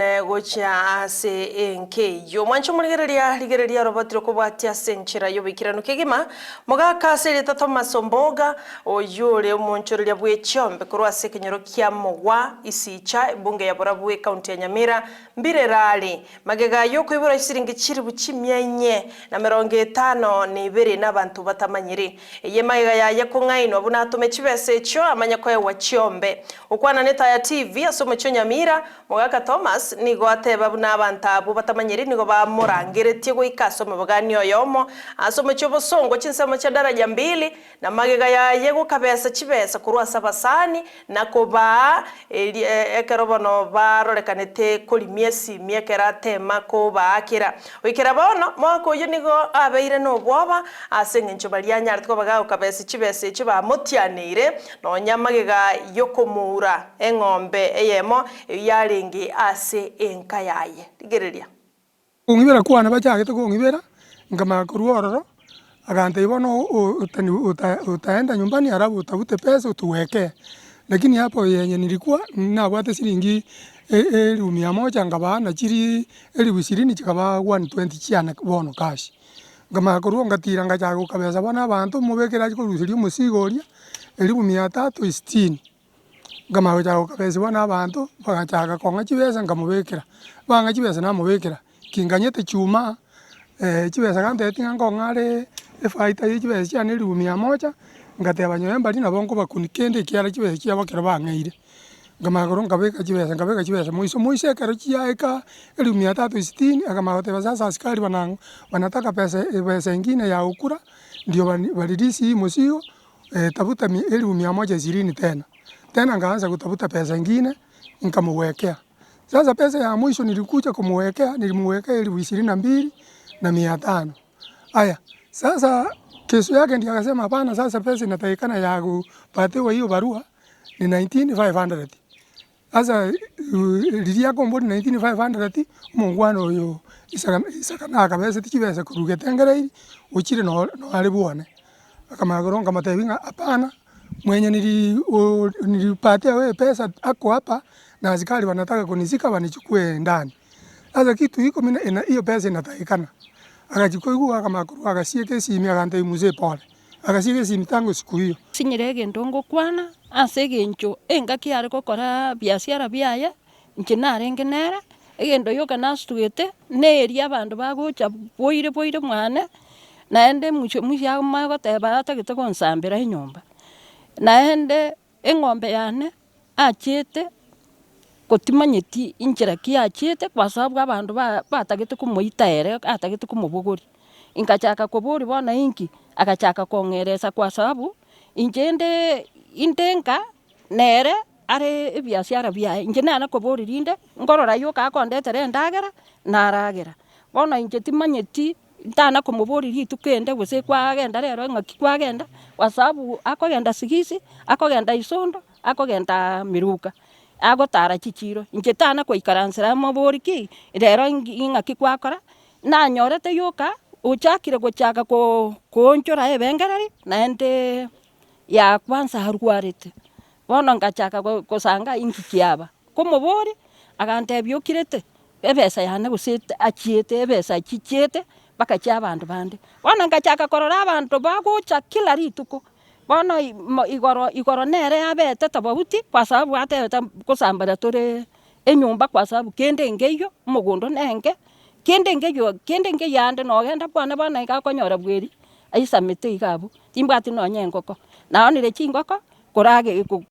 And ne gocha ase enke yo mancho mwancho murigereria rigereria robatiro kobwatia senchera yo bikirano kegima moga mogaka asere tato masomboga o moncho oyure umonchoreria chombe korwa ase kenyoro kia mogwa isicha bunge ya borabwe county ya Nyamira mbire rali magega yo kuibura siringi chiri nye na mirongo etano ni bere bantu batamanyire ye magega ya yakungaino tume chibese cho amanya ko ya wachombe ukwana neta ya TV asome cho Nyamira ka Thomas Thomas nigo ateba buna abantu abo batamanyeri nigo bamurangeretie goika asome bogani oyomo asome chio bosongo chinsemo chia daraja mbili na magega yaye gokabesa chibesa korwa sabasani basani na koba e, e, ekero bono barorekanete korimia esimia ekero atema kobaakera oikera bono mwaka oyo nigo abeire na obwoba ase eng'encho baria anyarete kobaga gokabesa chibesa echi bamotianeire nonya magega yokomuura eng'ombe eyemo eyarenge ase ere enka yaye rigeriria ung'ibera kwana bachagete kung'ibera nkamaka korwa ororo aganteiba no utaenda nyumbani alafu utafute pesa utuwekee lakini hapo yenye nilikuwa nabwate silingi elifu mia moja nkabaa na chiri elifu ishirini chikabaa 120 chiana bono cash nkamaka ngatira ngachaga gukabesa bono abantu mubekera chikurusiria omusigo oria elifu mia tatu sitini ngamaho chagoka besa bono abanto bagachaga kong'a chibesa nkamobekera bang'a kinganyete chuma eh, chibesa kantebi ng'a nkong'a efaita ya chiane eribu mia moja ngateba nyoe mbari nabo nkobakuni kende ekiara chibesa chiabo bang'eire nkamanya nkabeka chibesa nkabeka chibesa moiso moiso ekero chiaeka eribu mia tatu sitini akamanya sasa askari banang'o banataka pesa ebesa engine ya ukura ndio baririsi hii eh, tafuta mi, mia moja ishirini tena tena ngaanza kutafuta pesa nyingine nikamwekea. Sasa pesa ya mwisho nilikuja kumuwekea, nilimuwekea elfu ishirini na mbili na mia tano. Aya, sasa kesho yake ndiye akasema hapana, sasa pesa inatakikana ya kupatiwa hiyo barua ni 19500. Sasa lilia uh, kombo ni 19500 mungwano uyu isakana kabesa tikiwesa kuruge tengere uchire no ari bwone akamagoro ngamatebi nga apana mwenye nilipatia wewe pesa ako hapa na askari wanataka kunizika wanichukue ndani. Sasa kitu hiko mimi hiyo pesa inatakikana. Akachukua huko akamakuru akasieke simi akante muzee pole. Akasieke simi tangu siku hiyo. Sinyerege ndongo kwana asege ncho engaki ariko kokora biashara biaye nkinarenge nera egendo yoka nasitugete neeria abandu bagocha boire boire mwane naende mucho mushi agomagoteba atagete gonsambera enyomba naende eng'ombe yane achete gotimanyeti inchera ki achete kwa sababu abanto batagete komoita ere atagete komobogori. Nkachaka koboria bona inki, agachaka kong'eresa kwa sababu inche endee inde nka nere are ebiasiara biaye, inche nana koboria rinde nkorora yoka akondetera endagera naragera, bono inche timanyeti ntana kumuburiria itu kende guci kwagenda rero ng'aki kwagenda kwa sababu akogenda sigisi akogenda isondo akogenda miruka agotara chichiro inche tana kwaikaransira muburi ki rero ing'aki kwakora nanyorete yuka uchakire guchaka ku kunchura ebengereri naende ya kwanza arwarete bono ngachaka gusanga inkikiaba kumuburi agantebia okirete ebesa yane gose achiete ebesa achichiete bakakia abandu bande bono ngachaka korora abandu bagocha kila rituko bono igoro igoro nere abete tobauti kwa sababu atebete kosambara tore enyomba kwa sababu kende nkeiyo omogondo nenge kende nkeiyo kende nkeiyo ande nogenda bwane bono iga bweri aisamete iga abwo timbwati nonye engoko naonire chingoko korage